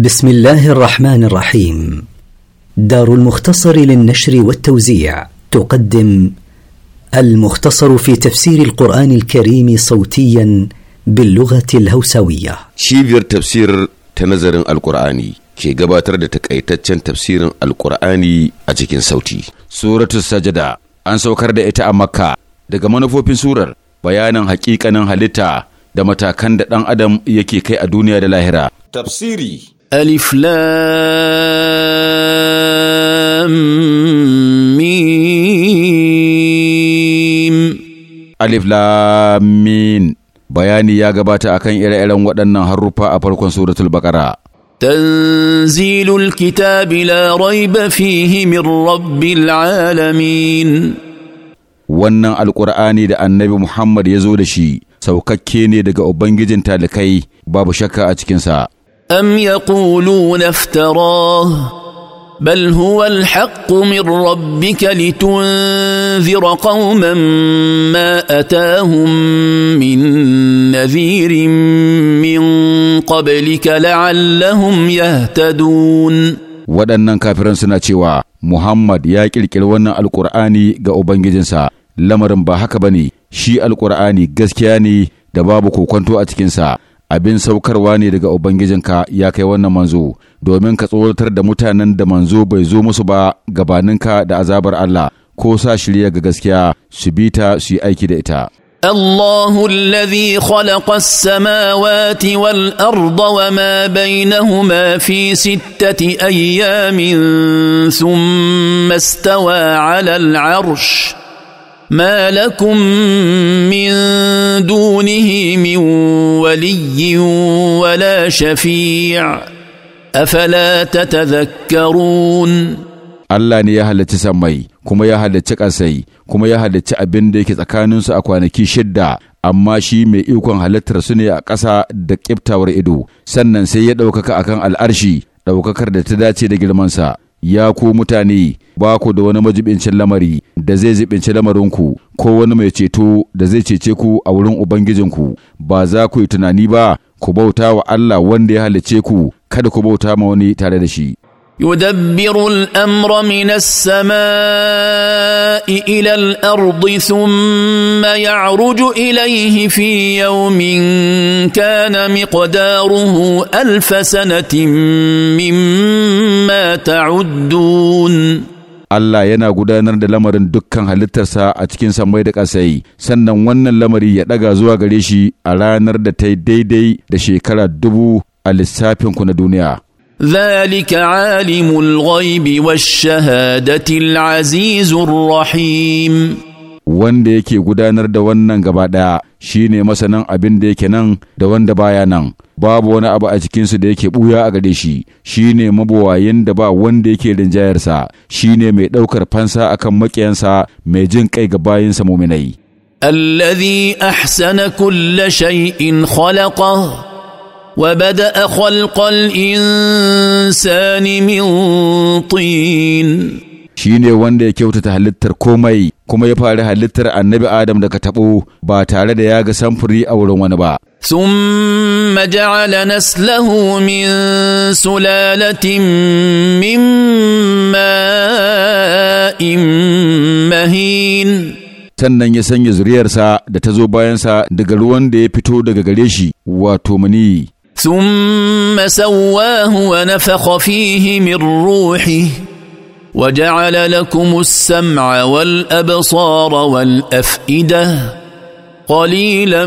بسم الله الرحمن الرحيم دار المختصر للنشر والتوزيع تقدم المختصر في تفسير القرآن الكريم صوتيا باللغة الهوسوية شيفير تفسير تنظر القرآن كي قباتر تكأيتتشن تفسير القرآن أجيكين صوتي سورة السجدة أن سوكر دا مكة دا منفو في سورة بيانا حقيقة نان حالتا دا أدم يكي كي أدوني دا لاهرة تفسيري ألف لام bayani ya gabata akan ire-iren waɗannan haruffa a farkon suratul Bakara. tanzilul kitabi la raiba fihi min rabbil alamin wannan alƙur'ani da annabi muhammad ya zo da shi saukakke ne daga ubangijin talikai babu shakka a cikinsa أم يقولون افتراه بل هو الحق من ربك لتنذر قوما ما أتاهم من نذير من قبلك لعلهم يهتدون waɗannan kafiran suna cewa Muhammad ya ƙirƙiri wannan alƙur'ani ga Ubangijinsa, lamarin ba haka ba ne, shi alƙur'ani gaskiya ne da babu kokwanto a cikinsa. abin saukarwa ne daga Ubangijinka ya kai wannan manzo, domin ka tsoratar da mutanen da manzo bai zo musu ba gabaninka da azabar Allah, ko sa shirya ga gaskiya su bi ta su yi aiki da ita. الله الذي خلق السماوات والارض وما بينهما في سته ayyamin ثم استوى على العرش ما لكم من دونه من ولي ولا شفيع أفلا تتذكرون Allah ne ya halarci sammai kuma ya halarci ƙasai kuma ya halarci abin da yake tsakaninsu a kwanaki shidda amma shi mai ikon halittar su ne a ƙasa da ƙiftawar ido sannan sai ya ɗaukaka akan al'arshi ɗaukakar da ta dace da girmansa ya ku mutane ba ku da wani majibincin lamari da zai zibinci lamarinku ko wani mai ceto da zai cece ku a wurin ubangijinku ba za ku yi tunani ba ku bauta wa Allah wanda ya halice ku kada ku bauta ma wani tare da shi يدبر الامر من السماء الى الارض ثم يعرج اليه في يوم كان مقداره الف سنه مما تعدون Allah yana gudanar da lamarin dukkan halittarsa a cikin samai da ƙasai, sannan wannan lamari ya ɗaga zuwa gare shi a ranar da ta daidai da shekara dubu a lissafinku na duniya. ذلك عالم الغيب والشهادة العزيز الرحيم wanda yake gudanar da wannan gaba ɗaya shi ne masanan abin da yake nan da wanda baya nan babu wani abu a cikinsu da yake ɓuya a gare shi shi ne mabawayin da ba wanda yake rinjayarsa shi ne mai ɗaukar fansa akan maƙiyansa mai jin kai ga bayansa muminai الذي أحسن كل شيء خلقه وبدا خلق الانسان من طين shine wanda ya kyautata halittar komai kuma ya fara halittar annabi adam daga taɓo ba tare da ya ga samfuri a wurin wani ba ثم جعل نسله من سلالة من ماء مهين sannan ya sanya zuriyarsa da ta zo bayansa daga ruwan da ya fito daga gare shi wato mani ثم سواه ونفخ فيه من روحه وجعل لكم السمع والابصار والافئده قليلا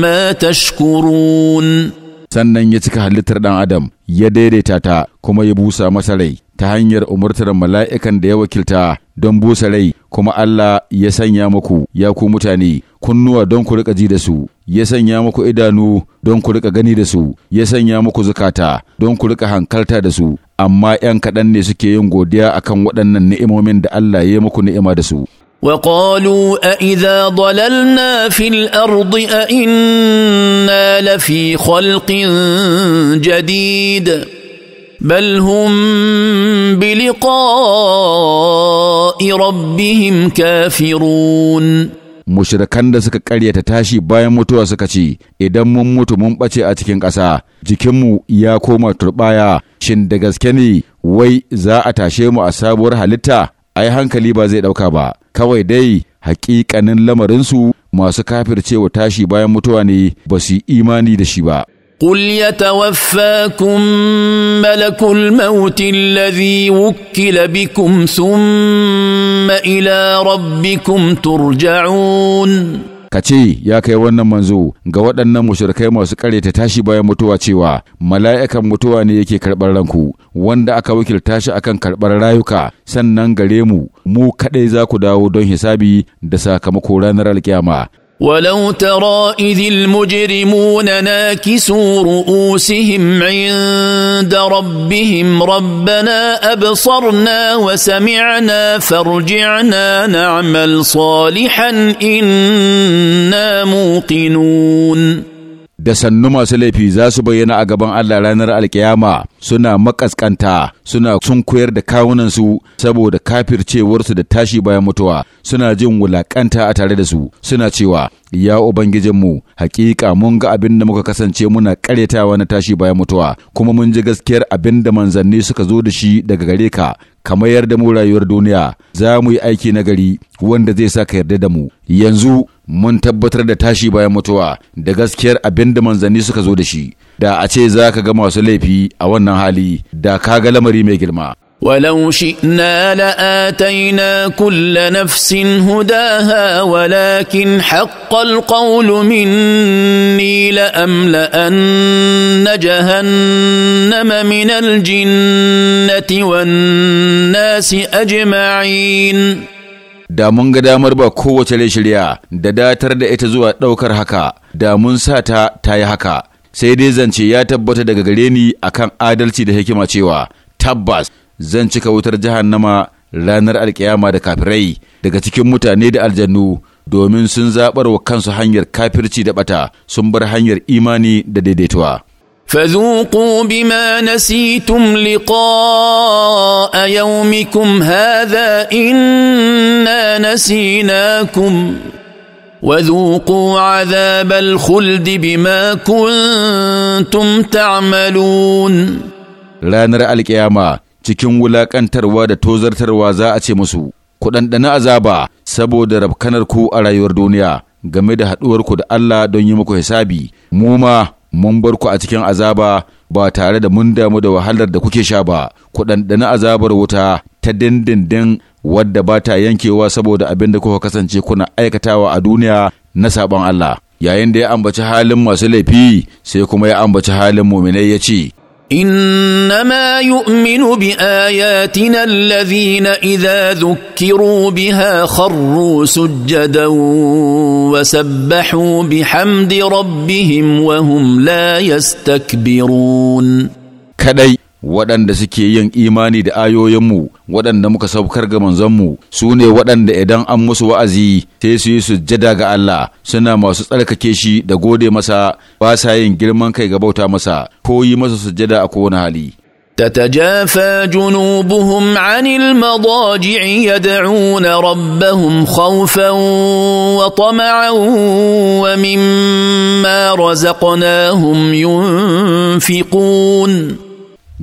ما تشكرون sannan ya cika halittar ɗan adam ya daidaita ta kuma ya busa masa rai ta hanyar umurtar mala'ikan da ya wakilta don busa rai kuma Allah ya sanya muku ya ku mutane kunnuwa don ku rika ji da su ya sanya muku idanu don ku rika gani da su ya sanya muku zukata don ku rika hankalta da su amma ‘yan kaɗan ne suke yin godiya akan waɗannan ni'imomin da Allah ya yi muku ni'ima da su. وقالوا أإذا ضللنا في الأرض أإنا لفي خلق جديد بل هم بلقاء ربهم كافرون mushrikan da suka karyata tashi bayan mutuwa suka ce idan mun mutu mun ɓace a cikin ƙasa jikinmu ya koma turɓaya shin da gaske ne wai za a tashe mu a sabuwar halitta ai hankali ba zai ɗauka ba kawai dai hakikanin lamarinsu masu kafircewa tashi bayan mutuwa ne ba su yi imani da shi ba قل يتوفاكم ملك الموت الذي وكل بكم ثم الى ربكم ترجعون ka ce ya kai wannan manzo ga waɗannan mushrikai masu ta tashi bayan mutuwa cewa mala'ikan mutuwa ne yake karɓar ranku wanda aka wakilta shi akan karɓar rayuka sannan gare mu mu kaɗai za ku dawo don hisabi da sakamako ranar alƙiyama. ولو ترى اذ المجرمون ناكسوا رؤوسهم عند ربهم ربنا ابصرنا وسمعنا فارجعنا نعمل صالحا انا موقنون da sannu masu laifi za su bayyana a gaban Allah ranar alkiyama suna makaskanta suna sun koyar da kawunansu saboda kafircewarsu da tashi bayan mutuwa suna jin wulakanta a tare da su suna cewa ya ubangijinmu hakika mun ga abin da muka kasance muna karyatawa na tashi bayan mutuwa kuma mun ji gaskiyar abin da manzanni suka zo da shi daga gare ka kamar yarda mu rayuwar duniya za mu yi aiki na gari wanda zai sa ka yarda da mu yanzu mun tabbatar da tashi bayan mutuwa da gaskiyar abin da manzanni suka zo da shi da a ce za ka ga masu laifi a wannan hali da ka ga lamari mai girma ولو شئنا لاتينا كل نفس هداها ولكن حق القول مني لاملان جهنم من الجنه والناس اجمعين da mun ga damar ba kowace shirya da datar da ita zuwa ɗaukar haka da mun sa ta ta yi haka sai dai zance ya tabbata daga gare ni akan adalci da hikima cewa tabbas zan cika wutar jahannama ranar alkiyama da kafirai daga cikin mutane da aljannu domin sun zaɓar wa kansu hanyar kafirci da bata sun bar hanyar imani da daidaituwa. فذوقوا بما نسيتم لقاء يومكم هذا انا نسيناكم وذوقوا عذاب الخلد بما كنتم تعملون ranar alƙiyama. cikin wulaƙantarwa da tozartarwa za a ce musu, ku ɗanɗana azaba saboda rabkanar ku a rayuwar duniya game da haɗuwarku da Allah don yi muku hisabi, mu ma mun bar ku a cikin azaba ba tare da mun damu da wahalar da kuke sha ba, ku ɗanɗana azabar wuta ta dindindin wadda ba ta yankewa saboda abin da kuka kasance kuna aikatawa a duniya na saɓon Allah. Yayin da ya ambaci halin masu laifi sai kuma ya ambaci halin muminai ya ce, انما يؤمن باياتنا الذين اذا ذكروا بها خروا سجدا وسبحوا بحمد ربهم وهم لا يستكبرون كدي waɗanda suke yin imani da ayoyinmu waɗanda muka saukar ga manzonmu su ne waɗanda idan an musu wa'azi sai su yi sujjada ga Allah suna masu tsarkake shi da gode masa ba sa yin girman kai ga bauta masa ko yi masa sujjada a kowane hali. تتجافى جنوبهم عن المضاجع يدعون ربهم خوفا وطمعا ومما رزقناهم ينفقون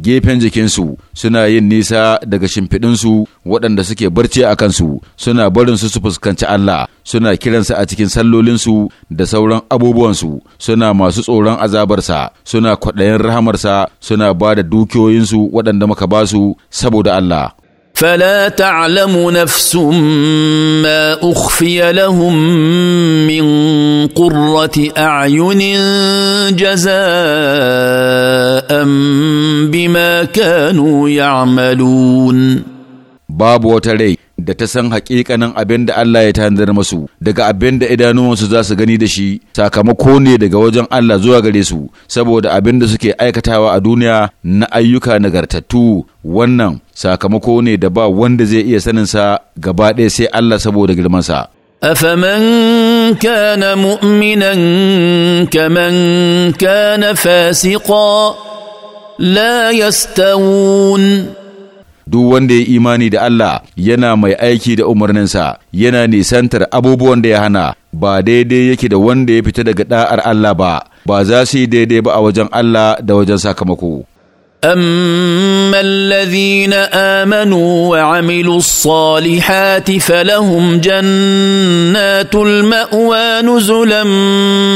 gefen jikinsu suna yin nisa daga shimfiɗinsu waɗanda suke barci a kansu suna barin su su fuskanci Allah suna kiransa a cikin sallolinsu da sauran abubuwansu suna masu tsoron azabarsa suna kwaɗayin rahamarsa suna ba da dukiyoyinsu waɗanda muka basu saboda Allah فلا تعلم نفس ما اخفي لهم من قره اعين جزاء بما كانوا يعملون باب وتلي da ta san hakikanin abin da Allah ya tanzar masu daga abin da idanuwansu za su gani da shi sakamako ne daga wajen Allah zuwa gare su saboda abin da suke aikatawa a duniya na ayyuka nagartattu wannan sakamako ne da ba wanda zai iya sanin sa gaba ɗaya sai Allah saboda girmansa. أفمن كان مؤمنا كمن كان فاسقا لا يستوون duk wanda ya imani da Allah yana mai aiki da umarninsa yana nisantar abubuwan da ya hana ba daidai yake da wanda ya fita daga da'ar Allah ba ba za su yi daidai ba a wajen Allah da wajen sakamako أما الذين آمنوا وعملوا الصالحات فلهم جنات المأوى نزلا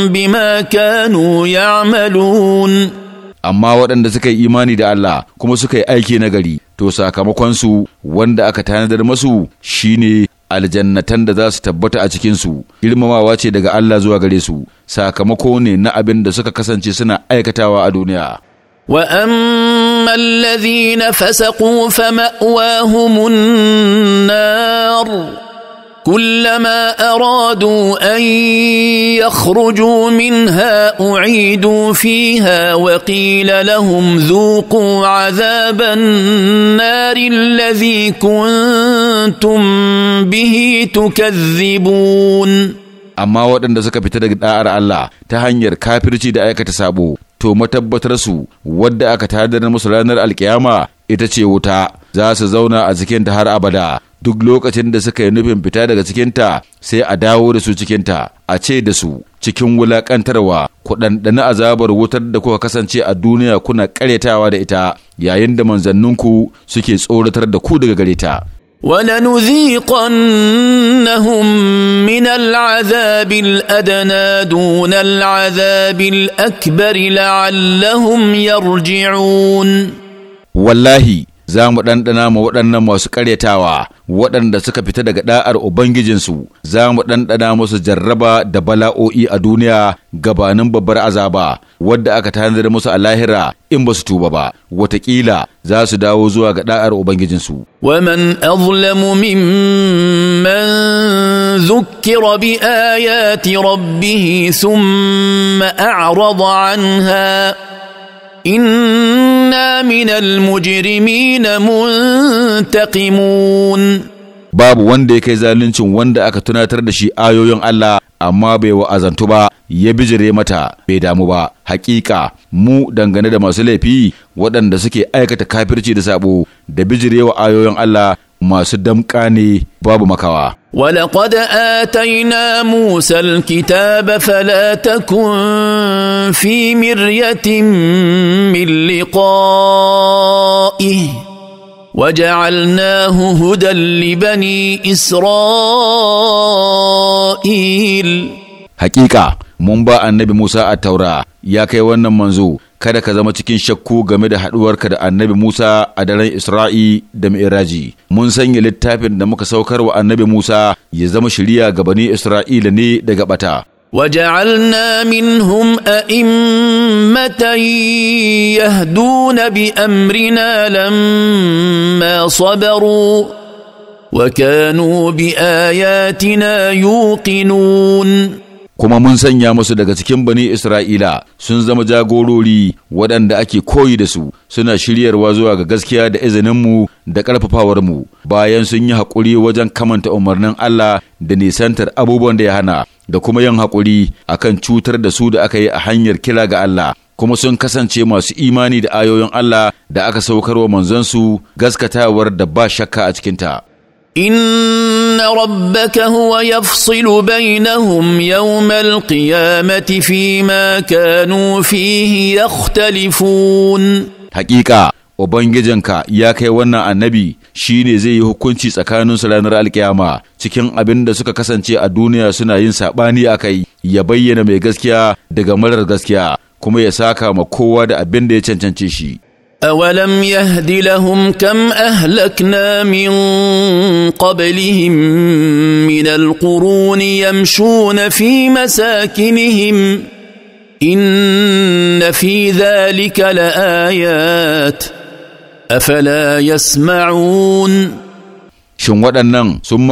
بما كانوا يعملون amma waɗanda suka yi imani da Allah kuma suka yi aiki na gari to sakamakonsu wanda aka tanadar masu shine aljannatan da za su tabbata a cikinsu girmamawa ce daga Allah zuwa gare su sakamako ne na abin da suka kasance suna aikatawa a duniya واما الذين فسقوا فماواهم النار كلما ارادوا ان يخرجوا منها اعيدوا فيها وقيل لهم ذوقوا عذاب النار الذي كنتم به تكذبون amma waɗanda suka fita daga da'ar Allah ta hanyar kafirci da aikata sabo to matabbatar su wadda aka tadar musu ranar alkiyama ita ce wuta za su zauna a ta har abada duk lokacin da suka yi nufin fita daga cikinta sai a dawo da su cikinta a ce da su cikin wulaƙantarwa ku ɗanɗani azabar wutar da kuka kasance a duniya kuna ƙaryatawa da ita yayin da manzanninku suke tsoratar da ku daga gare ta. ولنذيقنهم من العذاب الأدنى دون العذاب الأكبر لعلهم يرجعون wallahi za mu ɗanɗana ma waɗannan masu ƙaryatawa waɗanda suka fita daga ɗa'ar Ubangijinsu, za mu ɗanɗana musu jarraba da bala'o'i a duniya gabanin babbar azaba, wadda aka tanadar musu a lahira in ba su tuba ba, watakila za su dawo zuwa ga ɗa'ar Ubangijinsu. Waman azlamu mimman ذكر بآيات ربه ثم أعرض عنها إنا من المجرمين منتقمون babu wanda ya kai zaluncin wanda aka tunatar da shi ayoyin Allah amma bai wa'azantu ba ya bijire mata bai damu ba haƙiƙa mu dangane da masu laifi waɗanda suke aikata kafirci da saɓo, da bijirewa ayoyin Allah masu damƙa ne babu makawa. ولقد آتينا موسى الكتاب فلا تكن في مرية من لقائه وجعلناه هدى لبني إسرائيل حقيقة من النبي موسى التوراة يا كي ونن منزو kada ka zama cikin shakku game da haɗuwarka da annabi Musa a daren Isra'i da Mi'raji. Mun sanya littafin da muka saukar wa annabi Musa ya zama shiriya ga bani Isra'ila ne daga ɓata. وجعلنا منهم أئمة يهدون بأمرنا لما صبروا وكانوا بآياتنا يوقنون kuma mun sanya musu daga cikin bani Isra'ila sun zama jagorori waɗanda ake koyi da su suna shiryarwa zuwa ga gaskiya da izininmu da ƙarfafawarmu bayan sun yi haƙuri wajen kamanta umarnin Allah da nisantar abubuwan da ya hana da kuma yin haƙuri a kan cutar da su da aka yi a hanyar kira ga Allah kuma sun kasance masu imani da ayoyin Allah da aka saukarwa manzansu gaskatawar da ba shakka a cikinta. ان ربك هو يفصل بينهم يوم القيامه فيما كانوا فيه يختلفون حقيقه Ubangijinka ya kai wannan annabi shi ne zai yi hukunci tsakanin su ranar alkiyama cikin abin da suka kasance a duniya suna yin saɓani a kai ya bayyana mai gaskiya daga marar gaskiya kuma ya saka ma kowa da abin da ya cancance shi. أولم يهد لهم كم أهلكنا من قبلهم من القرون يمشون في مساكنهم إن في ذلك لآيات أفلا يسمعون شن waɗannan sun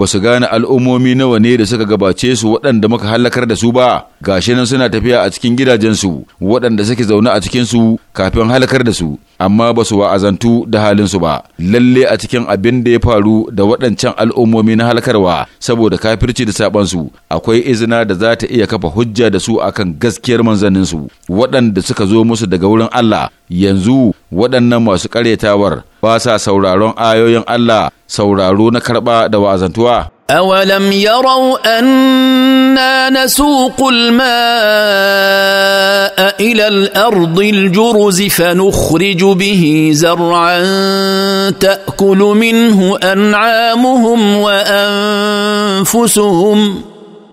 ba su gane al'ummomi nawa ne da suka gabace su waɗanda muka hallakar da su ba gashi nan suna tafiya a cikin gidajensu waɗanda suke zaune a cikinsu kafin halakar da su amma ba su wa'azantu da halinsu ba lalle a cikin abin da ya faru da waɗancan al'ummomi na halkarwa saboda kafirci da sabansu akwai izina da za ta iya kafa hujja da su akan gaskiyar manzanninsu waɗanda suka zo musu daga wurin Allah yanzu waɗannan masu ƙaryatawar ba sa sauraron ayoyin Allah sauraro na karɓa da wa'azantuwa أولم يروا أنا نسوق الماء إلى الأرض الجرز فنخرج به زرعا تأكل منه أنعامهم وأنفسهم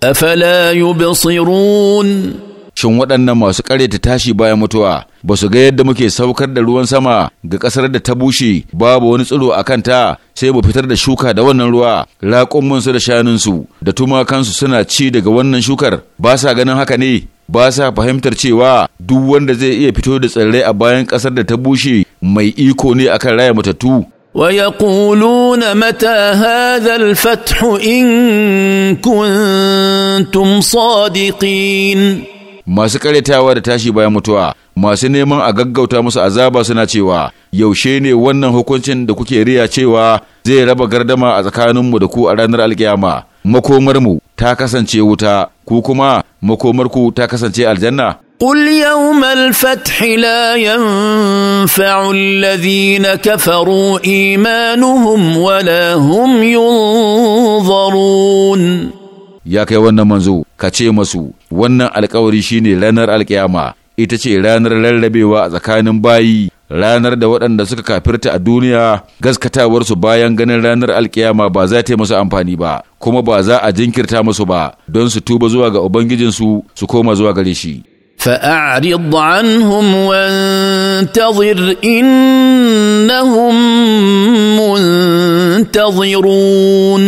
أفلا يبصرون shin waɗannan masu ta tashi bayan mutuwa ba su ga yadda muke saukar da ruwan sama ga ƙasar da ta bushe babu wani tsiro a kanta sai mu fitar da shuka da wannan ruwa raƙumansu da shanunsu da tumakansu suna ci daga wannan shukar ba sa ganin haka ne ba sa fahimtar cewa duk wanda zai iya fito da tsirrai a bayan ƙasar da ta bushe mai iko ne akan raya matattu ويقولون متى هذا الفتح إن كنتم صادقين masu karyatawa da tashi bayan mutuwa masu neman a gaggauta musu azaba suna cewa yaushe ne wannan hukuncin da kuke riya cewa zai raba gardama a tsakaninmu da ku a ranar alkiyama makomarmu ta kasance wuta ku kuma makomarku ta kasance aljanna قل يوم الفتح لا ينفع الذين كفروا إيمانهم ولا هم ينظرون ya kai wannan manzo ka ce masu wannan alkawari shine ranar alkiyama ita ce ranar rarrabewa a tsakanin bayi ranar da waɗanda suka kafirta a duniya gaskatawarsu bayan ganin ranar alkiyama ba za ta yi masu amfani ba kuma ba za a jinkirta masu ba don su tuba zuwa ga ubangijinsu su koma zuwa gare shi فأعرض عنهم وانتظر إنهم منتظرون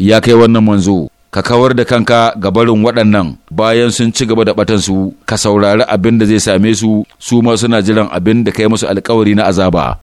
يا كي wannan manzo ka kawar da kanka ga barin waɗannan bayan sun ci gaba da batansu ka saurari abin da zai same su su ma suna jiran abin da kai musu alkawari na azaba